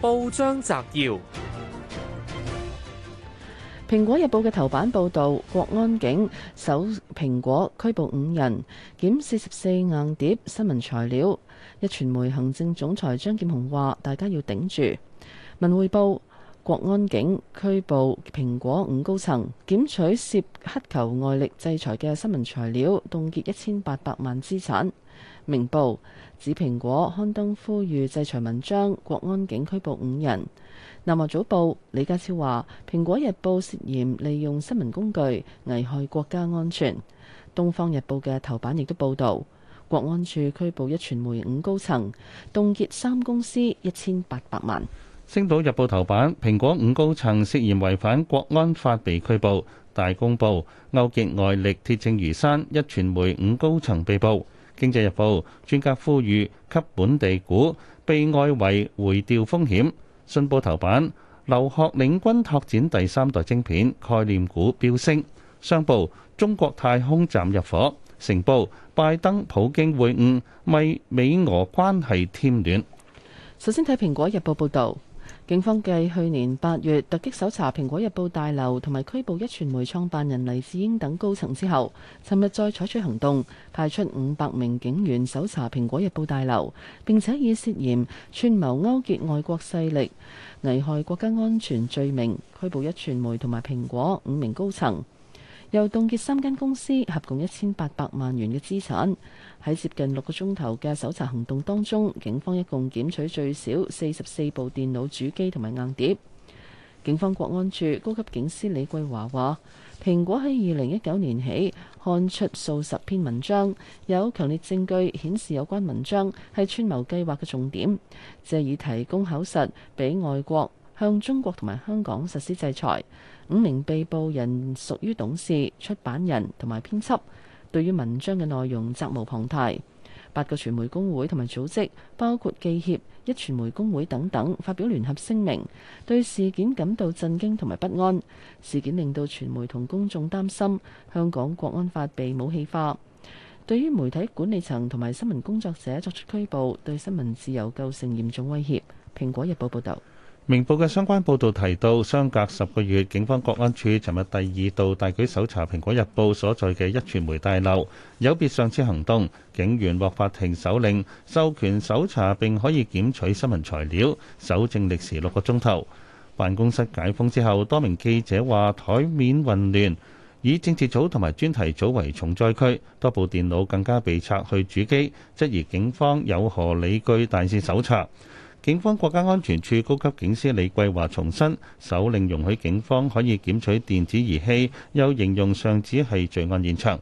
報章摘要：蘋果日報嘅頭版報道，國安警搜蘋果拘捕五人，檢四十四硬碟新聞材料。壹傳媒行政總裁張劍虹話：大家要頂住。文匯報。國安警拘捕蘋果五高層，檢取涉乞求外力制裁嘅新聞材料，凍結一千八百萬資產。明報指蘋果刊登呼籲制裁文章，國安警拘捕五人。南華早報李家超話，蘋果日報涉嫌利用新聞工具危害國家安全。東方日報嘅頭版亦都報道，國安處拘捕一傳媒五高層，凍結三公司一千八百萬。星島日報頭版：蘋果五高層涉嫌違反國安法被拘捕。大公報：勾結外力鐵證如山。一傳媒五高層被捕。經濟日報：專家呼籲給本地股被外圍回調風險。信報頭版：劉鶴領軍拓展第三代晶片概念股飆升。商報：中國太空站入伙。成報：拜登普京會晤為美俄關係添亂。首先睇蘋果日報報道。警方繼去年八月突擊搜查《蘋果日報》大樓同埋拘捕一傳媒創辦人黎智英等高層之後，尋日再採取行動，派出五百名警員搜查《蘋果日報》大樓，並且以涉嫌串謀勾結外國勢力、危害國家安全罪名拘捕一傳媒同埋蘋果五名高層。又凍結三間公司合共一千八百萬元嘅資產。喺接近六個鐘頭嘅搜查行動當中，警方一共檢取最少四十四部電腦主機同埋硬碟。警方國安處高級警司李桂華話，蘋果喺二零一九年起刊出數十篇文章，有強烈證據顯示有關文章係串謀計劃嘅重點，借以提供口實俾外國。向中國同埋香港實施制裁，五名被捕人屬於董事、出版人同埋編輯，對於文章嘅內容責無旁貸。八個傳媒工會同埋組織，包括記協、壹傳媒工會等等，發表聯合聲明，對事件感到震驚同埋不安。事件令到傳媒同公眾擔心香港國安法被武器化。對於媒體管理層同埋新聞工作者作出拘捕，對新聞自由構成嚴重威脅。蘋果日報報導。明報嘅相關報導提到，相隔十個月，警方國安處尋日第二度大舉搜查《蘋果日報》所在嘅壹傳媒大樓，有別上次行動，警員獲法庭手令授權搜查並可以檢取新聞材料，搜證歷時六個鐘頭。辦公室解封之後，多名記者話台面混亂，以政治組同埋專題組為重災區，多部電腦更加被拆去主機，質疑警方有何理據大肆搜查。警方國家安全處高級警司李桂華重申，手令容許警方可以檢取電子儀器，又形容上址係罪案現場。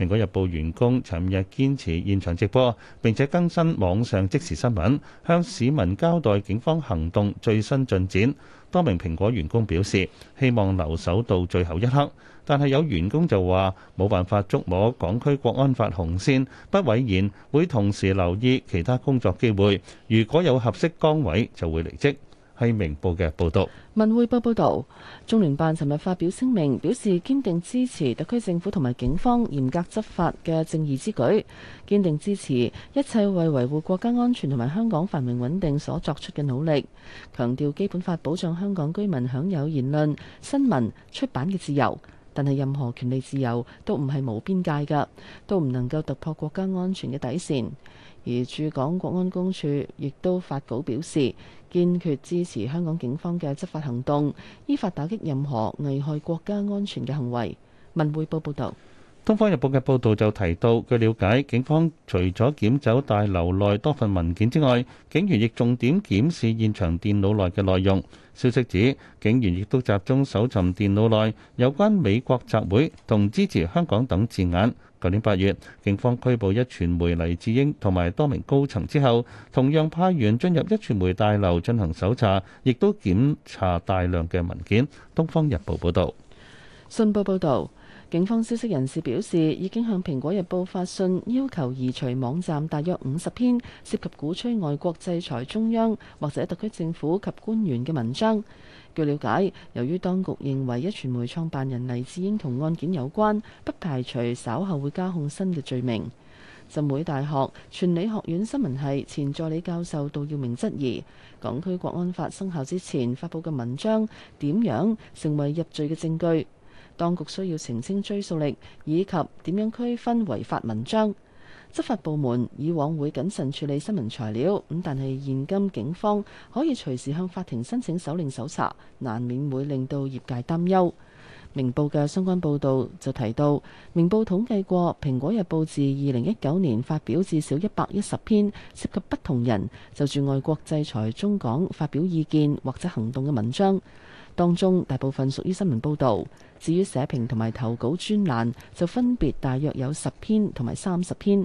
《蘋果日報》員工尋日堅持現場直播，並且更新網上即時新聞，向市民交代警方行動最新進展。多名蘋果員工表示希望留守到最後一刻，但係有員工就話冇辦法觸摸港區國安法紅線，不諱言，會同時留意其他工作機會，如果有合適崗位就會離職。批明報嘅報道，文匯報報道，中聯辦尋日發表聲明，表示堅定支持特區政府同埋警方嚴格執法嘅正義之舉，堅定支持一切為維護國家安全同埋香港繁榮穩定所作出嘅努力。強調基本法保障香港居民享有言論、新聞、出版嘅自由，但係任何權利自由都唔係無邊界噶，都唔能夠突破國家安全嘅底線，而駐港國安公署亦都發稿表示。堅決支持香港警方嘅執法行動，依法打擊任何危害國家安全嘅行為。文匯報報導。《東方日報》嘅報導就提到，據瞭解，警方除咗檢走大樓內多份文件之外，警員亦重點檢視現場電腦內嘅內容。消息指，警員亦都集中搜尋電腦內有關美國集會同支持香港等字眼。舊年八月，警方拘捕一傳媒黎智英同埋多名高層之後，同樣派員進入一傳媒大樓進行搜查，亦都檢查大量嘅文件。《東方日報》報道。《信報》報道，警方消息人士表示，已經向《蘋果日報》發信，要求移除網站大約五十篇涉及鼓吹外國制裁中央或者特區政府及官員嘅文章。據了解，由於當局認為一傳媒創辦人黎智英同案件有關，不排除稍後會加控新嘅罪名。浸會大學傳理學院新聞系前助理教授杜耀明質疑，港區國安法生效之前發佈嘅文章點樣成為入罪嘅證據？當局需要澄清追溯力以及點樣區分違法文章。執法部門以往會謹慎處理新聞材料，咁但係現今警方可以隨時向法庭申請手令搜查，難免會令到業界擔憂。明報嘅相關報導就提到，明報統計過，《蘋果日報》自二零一九年發表至少一百一十篇涉及不同人就住外國制裁中港發表意見或者行動嘅文章，當中大部分屬於新聞報導。至於社評同埋投稿專欄，就分別大約有十篇同埋三十篇。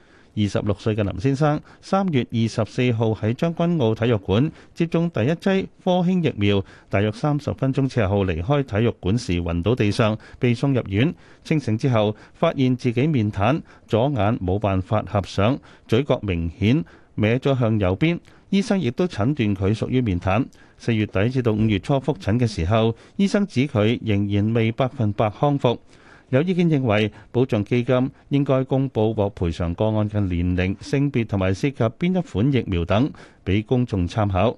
二十六歲嘅林先生，三月二十四號喺將軍澳體育館接種第一劑科興疫苗，大約三十分鐘之後離開體育館時，暈倒地上，被送入院。清醒之後，發現自己面癱，左眼冇辦法合上，嘴角明顯歪咗向右邊。醫生亦都診斷佢屬於面癱。四月底至到五月初覆診嘅時候，醫生指佢仍然未百分百康復。有意見認為，保障基金應該公佈獲賠償個案嘅年齡、性別同埋涉及邊一款疫苗等，俾公眾參考。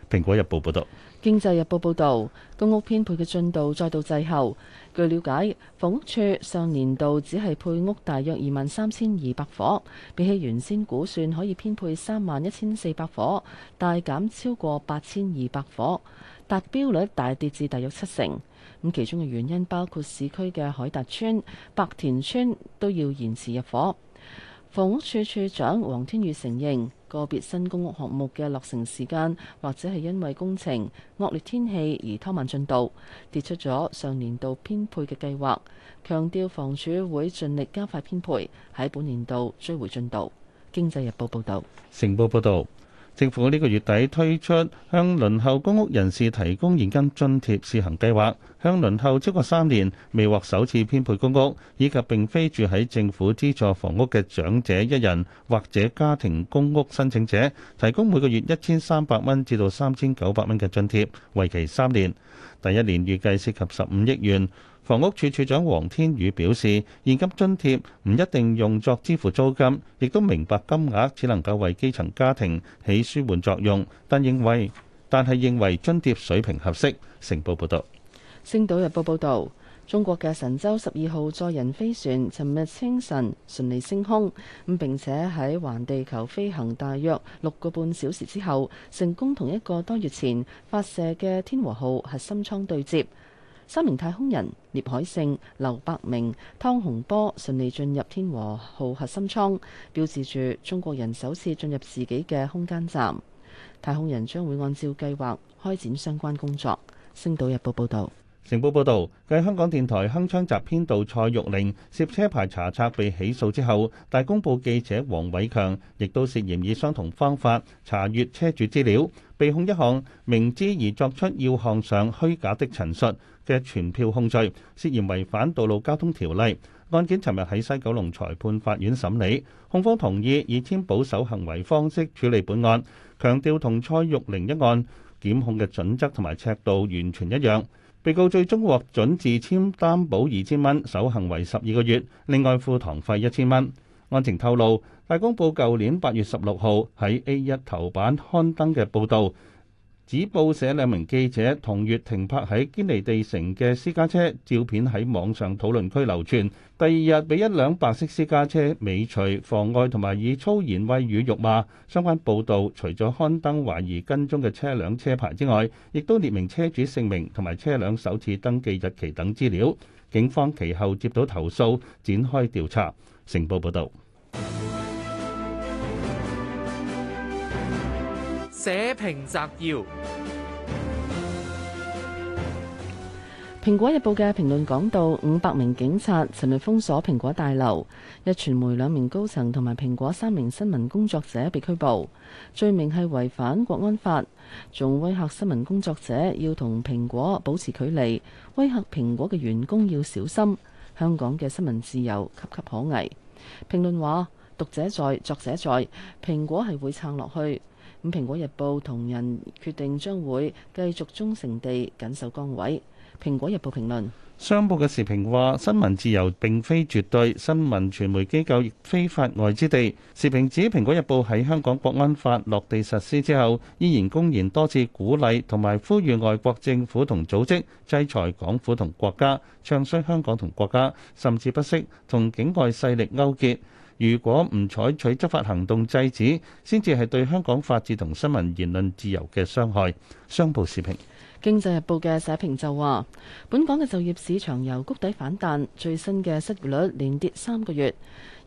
《蘋果日報》報導，《經濟日報》報導，公屋編配嘅進度再度滯後。據了解，房屋處上年度只係配屋大約二萬三千二百伙，比起原先估算可以編配三萬一千四百伙，大減超過八千二百伙，達標率大跌至大約七成。咁其中嘅原因包括市區嘅海達邨、白田邨都要延遲入伙。房屋處處長黃天宇承認，個別新公屋項目嘅落成時間，或者係因為工程惡劣天氣而拖慢進度，跌出咗上年度編配嘅計劃。強調房署會盡力加快編配，喺本年度追回進度。經濟日報報道，成報報道。政府喺呢個月底推出向輪候公屋人士提供現金津貼試行計劃，向輪候超過三年未獲首次編配公屋，以及並非住喺政府資助房屋嘅長者一人或者家庭公屋申請者，提供每個月一千三百蚊至到三千九百蚊嘅津貼，為期三年。第一年預計涉及十五億元。房屋署署長王天予表示，現金津貼唔一定用作支付租金，亦都明白金額只能夠為基層家庭起舒緩作用，但認為但係認為津貼水平合適。成報報導，《星島日報》報道，中國嘅神舟十二號載人飛船尋日清晨順利升空，咁並且喺環地球飛行大約六個半小時之後，成功同一個多月前發射嘅天和號核心艙對接。三名太空人聶海勝、劉伯明、湯洪波順利進入天和號核心艙，標誌住中國人首次進入自己嘅空間站。太空人將會按照計劃開展相關工作。星島日報報道。成報報導，繼香港電台鏗鏘集編導蔡玉玲涉車牌查冊被起訴之後，大公報記者黃偉強亦都涉嫌以相同方法查閲車主資料，被控一項明知而作出要項上虛假的陳述嘅傳票控罪，涉嫌違反道路交通條例。案件尋日喺西九龍裁判法院審理，控方同意以簽保守行為方式處理本案，強調同蔡玉玲一案檢控嘅準則同埋尺度完全一樣。被告最終獲准自簽擔保二千蚊，守行為十二個月，另外付堂費一千蚊。案情透露，《大公報》舊年八月十六號喺 A 一頭版刊登嘅報導。指報社兩名記者同月停泊喺堅尼地城嘅私家車照片喺網上討論區流傳，第二日俾一輛白色私家車尾隨、妨礙同埋以粗言穢語辱罵。相關報導除咗刊登懷疑跟蹤嘅車輛車牌之外，亦都列明車主姓名同埋車輛首次登記日期等資料。警方其後接到投訴，展開調查。成報報道。社評摘要，《蘋果日報》嘅評論講到：五百名警察尋日封鎖蘋果大樓，壹傳媒兩名高層同埋蘋果三名新聞工作者被拘捕，罪名係違反國安法，仲威嚇新聞工作者要同蘋果保持距離，威嚇蘋果嘅員工要小心。香港嘅新聞自由岌岌可危。評論話：讀者在，作者在，蘋果係會撐落去。咁《蘋果日報》同人決定將會繼續忠誠地緊守崗位，《蘋果日報》評論。商報嘅時評話：新聞自由並非絕對，新聞傳媒機構亦非法外之地。時評指，《蘋果日報》喺香港國安法落地實施之後，依然公然多次鼓勵同埋呼籲外國政府同組織制裁港府同國家，唱衰香港同國家，甚至不惜同境外勢力勾結。如果唔採取執法行動制止，先至係對香港法治同新聞言論自由嘅傷害。商報時評，《經濟日報》嘅社評就話：本港嘅就業市場由谷底反彈，最新嘅失業率連跌三個月。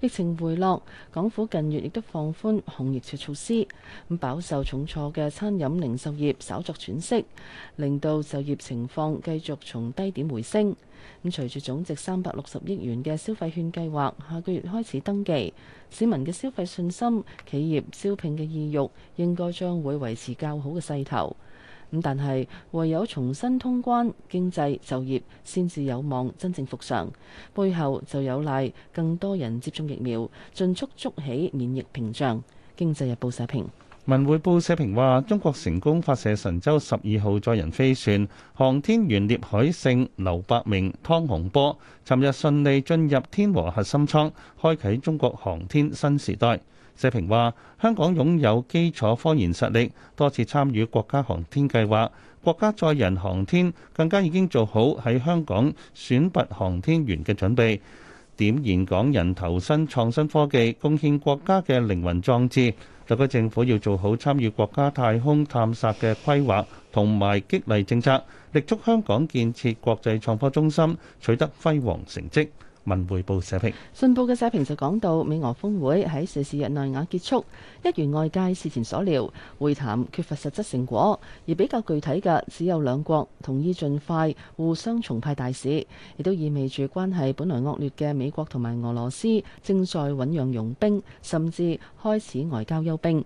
疫情回落，港府近月亦都放寬控疫措施，咁飽受重挫嘅餐飲零售業稍作喘息，令到就業情況繼續從低點回升。咁隨住總值三百六十億元嘅消費券計劃下個月開始登記，市民嘅消費信心、企業招聘嘅意欲應該將會維持較好嘅勢頭。但係唯有重新通關，經濟就業先至有望真正復常，背後就有賴更多人接種疫苗，盡速築起免疫屏障。經濟日報社評，文匯報社評話：中國成功發射神舟十二號載人飛船，航天員聶海勝、劉伯明、湯洪波尋日順利進入天和核心艙，開啟中國航天新時代。社評話：香港擁有基礎科研實力，多次參與國家航天計劃，國家載人航天更加已經做好喺香港選拔航天員嘅準備，點燃港人投身創新科技、貢獻國家嘅靈魂壯志。特區政府要做好參與國家太空探索嘅規劃同埋激勵政策，力促香港建設國際創科中心，取得輝煌成績。文匯報社評，信報嘅社評就講到，美俄峰會喺四,四日內瓦結束，一如外界事前所料，會談缺乏實質成果，而比較具體嘅只有兩國同意盡快互相重派大使，亦都意味住關係本來惡劣嘅美國同埋俄羅斯正在醞釀融冰，甚至開始外交休兵。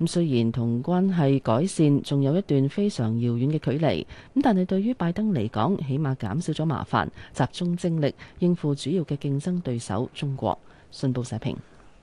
咁雖然同關係改善仲有一段非常遙遠嘅距離，咁但係對於拜登嚟講，起碼減少咗麻煩，集中精力應付主要嘅競爭對手中國。信報社評。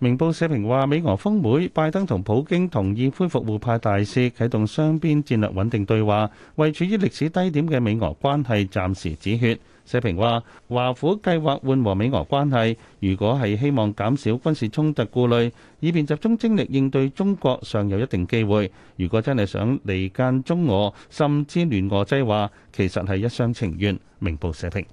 明報社評話，美俄峰會，拜登同普京同意恢復互派大使，啟動雙邊戰略穩定對話，為處於歷史低點嘅美俄關係暫時止血。社評話，華府計劃緩和美俄關係，如果係希望減少軍事衝突顧慮，以便集中精力應對中國，尚有一定機會。如果真係想離間中俄，甚至聯俄制華，其實係一廂情願。明報社評。